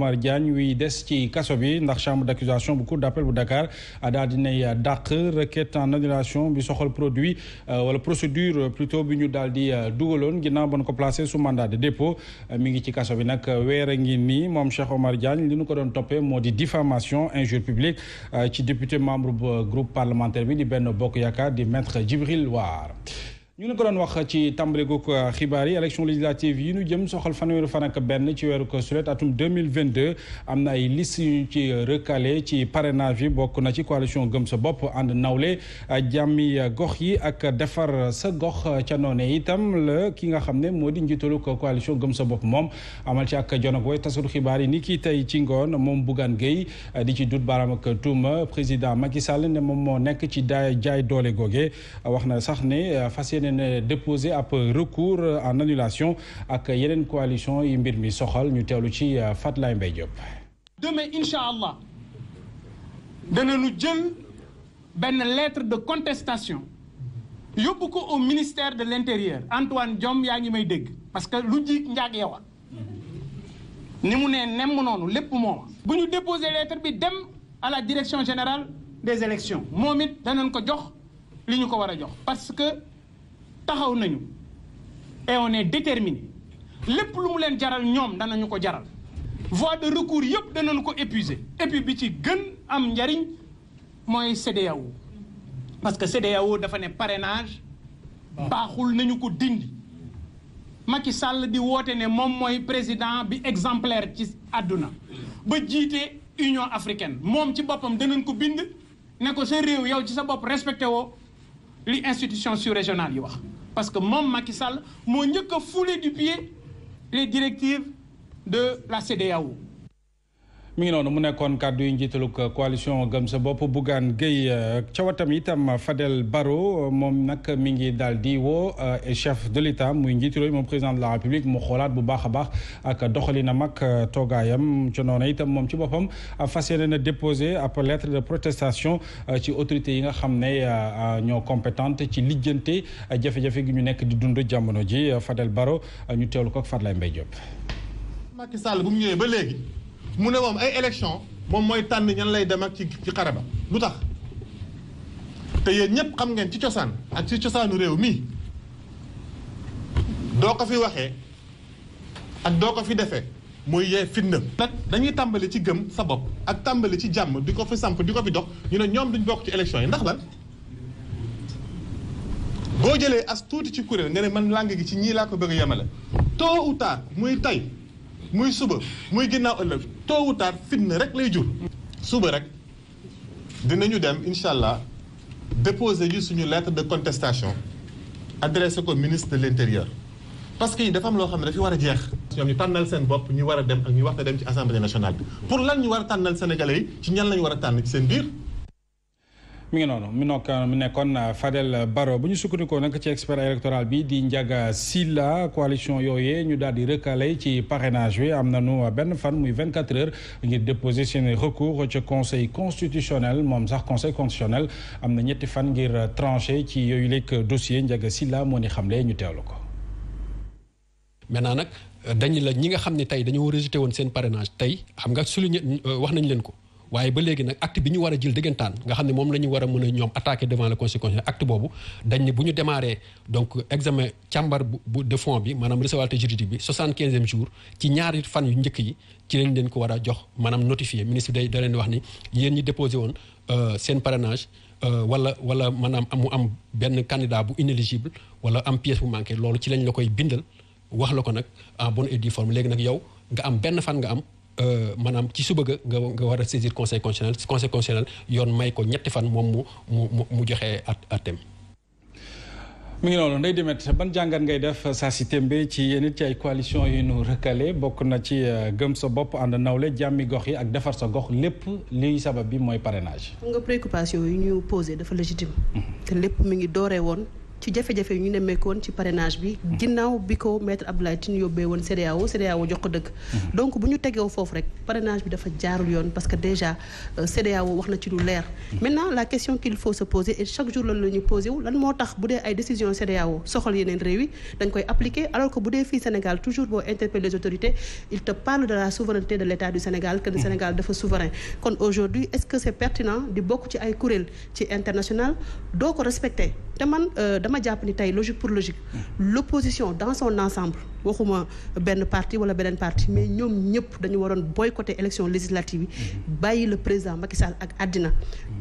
Oumar Diagne wi des ci kaso bi ndax chambre d'accusation bu cour d'appel bu Dakar daal dinay dàq requête en annulation bi soxal produit euh, wala procédure plutôt bi ñu daal di euh, dugaloon ginnaaw ba ñu ko placé su mandat de dépôt euh, mi ngi ci kaso bi nag weer a ngi nii moom Cheikh Oumar Diagne li nu ko doon toppee moo di diffamation injure publique ci député membre bu groupe parlementaire bi di benn Bokk Yaakaar di maître Djibril War ñu ne ko doon wax ci tàmbali gu euh, xibaar yi élection législative yi ñu jëm soxal fanweeri fan ak benn ci weeru ko sulet atum 2022 am na ay liste yu ci euh, recalé ci parrainage yi bokk na ci coalition gëm sa bopp ànd nawle euh, jàmmi gox yi ak defar sa gox ca noone itam la ki nga xam ne moo di njiitalu ko coalition gëm sa bopp moom amal ci ak jonog way tasul xibaar yi ni ki tey ci ngoon moom Bougane Gueye di ci dut baaraam ak tuuma président Macky Sall ne moom moo nekk ci daay jaay doole googe wax na sax ne euh, déposé ab recours euh, en annulation ak yeneen coalition yi mbir mi soxal ñu teewlu ci euh, Fatlaye Mbaye Diop. demain incha allah danañu jël benn lettre de contestation yóbbu ko au ministère de l' intérieur Antoine Diome yaa ngi may dégg parce que lu ji njaag yow ni mu ne nemm noonu lépp mooma bu ñu déposé lettre bi dem à la direction générale des élections moom it danañ ko jox li ñu ko war jox taxaw nañu et on déterminé lépp lu mu leen jaral ñoom danañu ko jaral voie de recours yëpp danañu ko épuiser et bi ci gën am njariñ mooy CEDEAO parce que CEDEAO dafa ne parrainage baaxul nañu ko dindi maki sàll di woote ne moom mooy président bi exemplaire ci àdduna ba jiite Union africaine moom ci boppam danañ ko bind ne ko sa réew yow ci sa bopp respecté woo li institution sous-régionale yi wax parce que moom Macky Sall moo njëkk a foulé du pied les directives de la CEDEAO mi ngi noonu mu nekkoon kàddu yi njiitalug coalition gëm sa bopp Bougane Gueye euh, ca watam itam Fadel Barro moom nag mi ngi daal di woo euh, chef de l'état muy njiitu réew moom président de la république mu xoolaat bu baax a baax ak doxalinam mag euh, toogaayam ci noonu itam moom ci boppam fas yéene na déposé ab lettre de protestation ci autorités yi nga xam ne ñoo compétente ci lijjante jafe-jafe gi ñu nekk di dund jamono ji Fadel Barro ñu teewlu ko ak Fatou Lay mu ne moom ay élection moom mooy tànn ñan lay dem ak ci ci xare ba lu tax te yéen ñëpp xam ngeen ci cosaan ak ci cosaanu réew mii doo ko fi waxee ak doo ko fi defee mooy yee fitna. nag dañuy tàmbali ci gëm sa bopp ak tàmbali ci jàmm di ko fi samp di ko fi dox ñu ne ñoom duñ bokk ci élection yi ndax lan boo jëlee as tuuti ci kuréel nga ne man làng gi ci ñii laa ko bëgg a yemale tôt ou tard muy tey. muy suba muy ginnaaw ëllëg tôt ou tard fitna rek lay jur. suba rek dinañu dem incha allah déposer suñu lettre de contestation adressé ko ministre de l' intérieur parce que dafa am loo xam ne dafi war a jeex. ñoom ñu tànnal seen bopp ñu war a dem ak ñu war a dem ci assemblée nationale bi pour lan ñu war a tànnal sénégalais yi ci ñan lañu war a tànn ci seen biir. mi ngi noonu mu nokk mi nekkoon euh, Fadel euh, Barro bu ñu sukkandikoo nag ci expert électoral bi di njaga Sylla coalition yooyee ñu daal di recalé ci parrainage bi am na nañu euh, benn fan muy vingt quatre heures ngir déposer seen recours ci conseil constitutionnel moom sax conseil constitutionnel am na ñetti fan ngir tranché ci yooyu léeg dossier Ndiaga silla moo ni xam xamle ñu teewlu ko. maintenant nag dañu la ñi nga xam ne tey dañoo rejeté woon seen parrainage tey xam nga souligné wax nañ leen ko. waaye ba léegi nag acte bi ñu war a jël dëggantaan nga xam ne moom lañu ñu war a mën a ñoom attaquer devant le conseil constitutionnel acte boobu dañ bu ñu démarré donc examen càmbar bu de fond bi maanaam recevabilité juridique bi soixante-quinzième jour ci ñaari fan yu njëkk yi ci lañ leen ko war a jox maanaam notifié ministre bi day da leen wax ni yéen ñi déposé woon euh, seen parrainage euh, wala wala maanaam mu am benn candidat bu inéligible wala am pièce bu manqué loolu ci lañ la koy bindal wax la ko nag en bonne léegi nag yow nga am benn fan nga am Euh, maanaam ci suba ga nga nga war a saisir conseil conseil yoon may ko ñetti fan moom mu mu mu joxe at atem mi ngi noonu Ndeye Demet ban jàngat ngay def saa si tembe ci yenn ci ay coalition yu nu recalé bokk na ci euh, gëm sa bopp ànd nawle jàmmi gox yi ak defar sa gox lépp liy sabab bi mooy parrainage. nga préoccupation yi ñu posé dafa légitime. Mhm. te lépp mi ngi dooree woon. ci jafe-jafe yu ñu nemmeekoon ci parrainage bi mhm. ginnaaw bi ko maître Abdoulaye Tine yóbbee woon CEDEAO CEDEAO jox ko dëgg mhm. donc bu ñu tegew foofu rek parrainage bi dafa jaarul yoon parce que déjà euh, CEDEAO wax na ci lu leer mhm. maintenant la question qu'il faut se poser et chaque jour loolu la ñu posé wu lan moo tax bu dee ay décision CEDEAO soxal yeneen réew yi dañ koy appliquer alors que bu dee fii Sénégal toujours boo interpelle les autorités il te parle de la souveraineté de l'État kon aujourd'hui est-ce que c'est pertinent di kuréel ci international doo ko respecter dama jàpp ni tey logique pour logique l'opposition dans son ensemble waxuma benn parti wala beneen parti mais ñoom ñëpp dañu waroon boycotter élection législative yi bàyyi la président Macky Sall ak àddina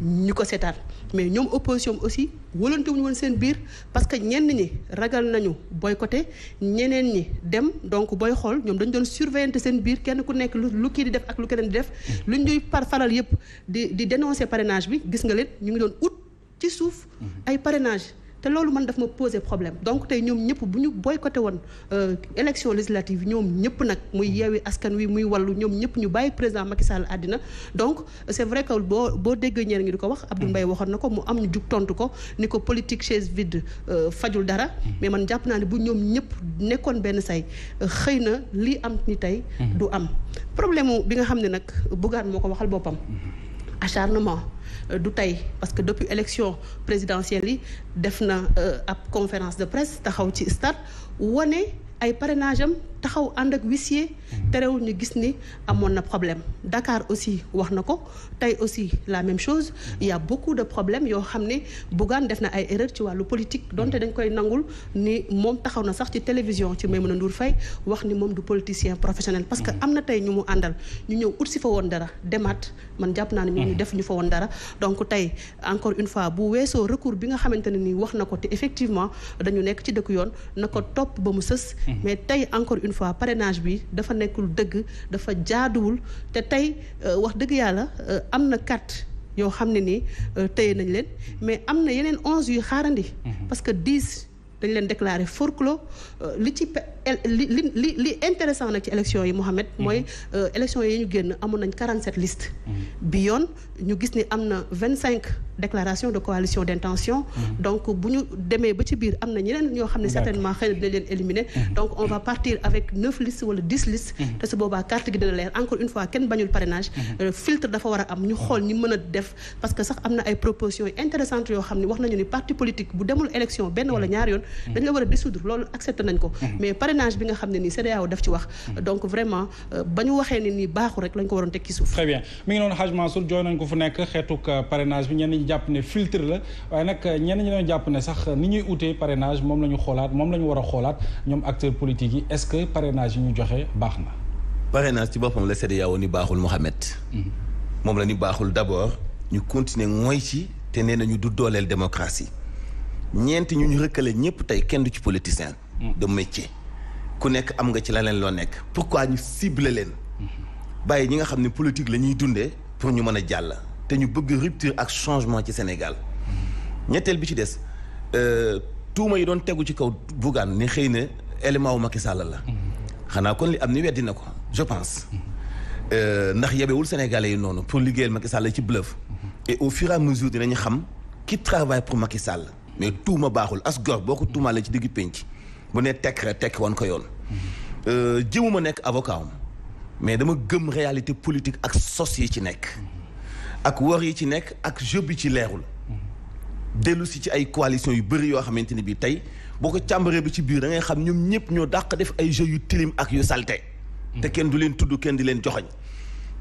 ñu ko seetaan mais ñoom opposition aussi wëlante wuñu woon seen biir parce que ñenn ñi ragal nañu boycotter ñeneen ñi dem donc booy xool ñoom dañu doon surveillante seen biir kenn ku nekk lu kii di def ak lu keneen di def lu ñuy par faral yëpp di di dénoncer parrainage bi gis nga leen ñu ngi doon ut ci suuf ay parrainage te loolu man daf ma poser problème donc tey ñoom ñëpp bu ñu boycotté woon euh, élection législative ñoom ñëpp nag muy yeewi askan wi muy wàllu ñoom ñëpp ñu bàyyi président Macky Sall àddina donc c' est vrai que boo boo déggee ñeer ngi di ko wax Abdou mm. mbay waxoon na ko mu am ñu jug tontu ko ni ko politique chaise vide euh, fajul dara mm. mais man jàpp naa ne bu ñoom ñëpp nekkoon benn say euh, xëy na lii am ni tey mm. du am problème bi nga xam ne nag Bougane moo ko waxal boppam acharnement euh, du tey parce que depuis élection présidentielle yi def na euh, ab conférence de presse taxaw ci stade wane ay parrainage am taxaw ànd ak huissier mhm. terewul ñu gis ni amoon na problème dakaar aussi wax na ko tey aussi la même chose mhm. il y a problème yoo xam ne Bougane def na ay erreur ci wàllu politique mhm. donte dañ koy nangul ni moom taxaw na sax ci télévision ci Maïmouna Ndour Faye wax ni moom du politicien professionnel parce que am na tey ñu mu àndal ñu ñëw ut si fa woon dara demaat man jàpp naa ne ñu def ñu fa woon dara donc tey encore une fois bu weesoo recours bi nga xamante ne nii wax na ko te effectivement dañu nekk ci dëkk yoon na ko topp ba mu sës Mhm. mais tey encore une fois parrainage bi dafa nekkul dëgg dafa jaaduwul te tey euh, wax dëgg yàlla euh, am na carte yoo xam ne ni euh, téye nañ leen mais am na yeneen onze yu xaarandi mhm. parce que dix dañ leen déclaré forclos li ci li li li intéressant nag ci élection yi Mohamed mhm. mooy euh, élection yi ñu génn amoon nañ 47 listes mhm. bi yoon ñu gis ni am na cinq déclaration de coalition d'intention mhm. donc bu ñu demee ba ci biir am na ñeneen ñoo xam ne certainement xëy na dina leen éliminer donc on va partir avec 9 listes wala 10 listes te su boobaa carte gi dina encore une fois kenn bañul euh, a am ñu a def parce que sax am na ay propositions yu intéressantes yoo xam ne wax nañu ni parti politique bu demul élection benn wala ñaar yoon dañ la war a dissoudre loolu accepté nañ ko parrainage bi nga xam ne nii CEDEAO daf ci wax donc vraiment euh, ba ñu waxee ne nii baaxu rek lañ ko waroon tekki suuf très bien mi ngi noonu Hadj Mansour jooy nañ ko fu nekk xeetuk euh, parrainage bi ñeen ñi jàpp ne filtre la waaye nag euh, ñenn ñi jàpp ne sax ni ñuy utee parrainage moom la ñu xoolaat moom la ñu war a xoolaat ñoom acteurs politiques yi est-ce que parrainage yi joxe baax na parrainage ci boppam la CEDEAO ni baaxul Mohamed mhm. moom la ni baaxul d'abord ñu continuer mooy ci te nee nañu du dooleel démocratie ñeenti ñu ñu rëkkale ñëpp tey kenn du ci politicien mm. de métier ku nekk am nga ci la leen loo nekk pourquoi ñu cible leen bàyyi ñi nga xam ne politique la ñuy dundee pour ñu mën a jàll te ñu bëgg rupture ak changement ci Sénégal ñetteel bi ci des euh, tuuma yi doon tegu ci kaw Bougane ni xëy na élément wu Macky Sall la xanaa kon li am ni weddi na ko je pense euh, ndax yebewul Sénégalais yi noonu pour liggéeyal Macky Sall ci bluff et au fur et à mesure xam qui travaille pour Macky Sall mais tuuma baaxul as gor boo ko tuumaalee ci diggu pénc bu ne tekki tekk tekki wan ko yoon. Euh, jëmuma nekk avocat am mais dama gëm réalité politique ak sos yi ci nekk. ak war yi ci nekk ak jeu bi ci leerul. dellu si ci ay coalition yu bari yoo xamante ni bii tey boo ko càmbaree bi ci biir da ngay xam ñoom ñëpp ñoo dàq def ay jeu yu tilim ak yu salte te kenn du leen tudd kenn di leen joxoñ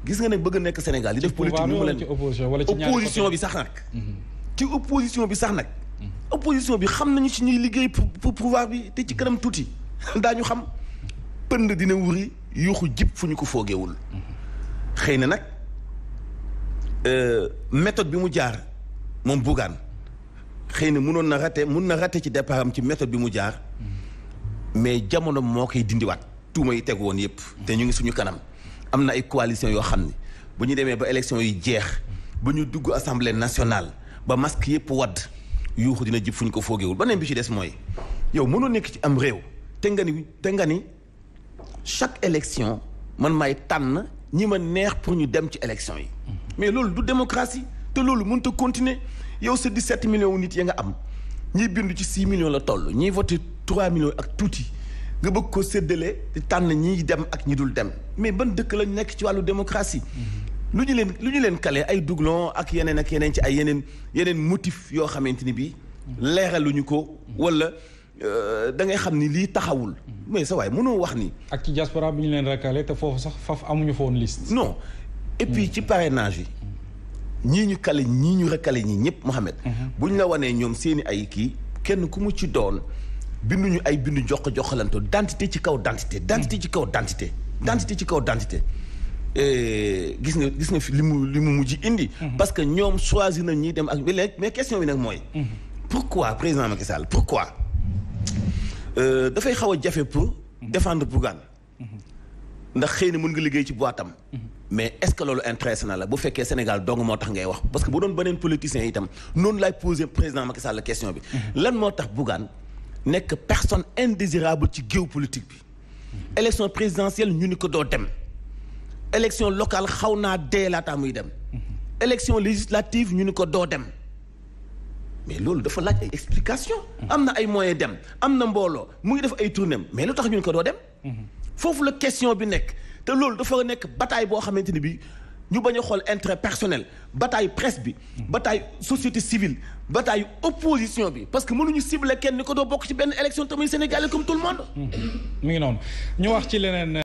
gis nga ne bëgg nekk Sénégal di def politique ñu mu leen opposition bi sax nag ci opposition bi sax nag opposition bi xam nañu ci ñuy liggéey pour pour pouvoir bi te ci kanam tuuti daa ñu xam pënd dina wuri yuuxu jib fu ñu ko foogewul xëy na nag euh, méthode bi mu jaar moom Bougane xëy na munoon na rate mun na rate ci départ am ci méthode bi mu jaar mais jamono moo koy dindiwaat tuuma yi teg woon yëpp te ñu ngi suñu kanam am na ay coalition yoo xam ne bu ñu demee ba élection yu jeex ba ñu dugg assemblée nationale ba masque yëpp wadd yuuxu dina jib fuñ ko foogewul beneen bi ci des mooy yow mënoo nekk ci am réew te nga ni te nga ni chaque élection man may tànn ñi ma neex pour ñu dem ci élection yi mais loolu du démocratie te loolu mënut a continuer yow sa 17 millions nit ya nga am ñiy bindu ci 6 million la toll ñiy voté 3 millions ak tuuti nga bëgg ko séddale di tànn ñiy dem ak ñi dul dem mais ban dëkk lañ nekk ci wàllu démocratie lu ñu leen lu ñu leen kale ay doublon ak yeneen ak yeneen ci ay yeneen yeneen motif yoo xamante ni bii leeraluñu ko wala euh, da ngay xam ni lii taxawul mais sa waay mënoo wax ni ak ci diaspora bi ñu leen recalé te foofu sax faf amuñu fa woon liste non et ci parrainage ñii ñu kale ñii ñu recalé ñii ñëpp Mohamed mhm. bu ñu la wanee ñoom seeni ay kii kenn ku mu ci doon binduñu ay bindu jox joxalante dentité ci kaw dentité dentité ci kaw dentité dentité ci kaw dentité Eh, gis nga gis nga fi li mu li mu mujj indi. Mhm. parce que ñoom choisir nañ ñuy dem ak léegi mais question bi nag mooy. pour mhm. pourquoi président Macky Sall pourquoi. Euh, dafay xaw a jafe pour. Mhm. défendre Bougane. ndax xëy na mun nga liggéey ci boitam mais est-ce que loolu intéressé na la bu fekkee Sénégal dong moo tax ngay wax parce que bu doon beneen politicien itam noonu laay poser président Macky Sall la question bi. lan moo tax Bougane nekk personne indésirable ci géopolitique bi. élection présidentielle ñu ni ko doo dem. élection locale xaw naa dee laataa muy dem. élection législative ñu ni ko doo dem. mais loolu dafa laaj ay explication am na ay moyen dem am na mbooloo mu ngi def ay tournéem mais lu tax ñu ni ko doo dem foofu la question bi nekk te loolu dafa nekk bataille boo xamante ni bi ñu bañ a xool intérêt personnel bataille presse bi bataille société civile bataille opposition bi parce que mënuñu cibler kenn ni ko doo bokk ci benn élection tamit sénégalais comme tout le monde mi ngi noonu ñu ci leneen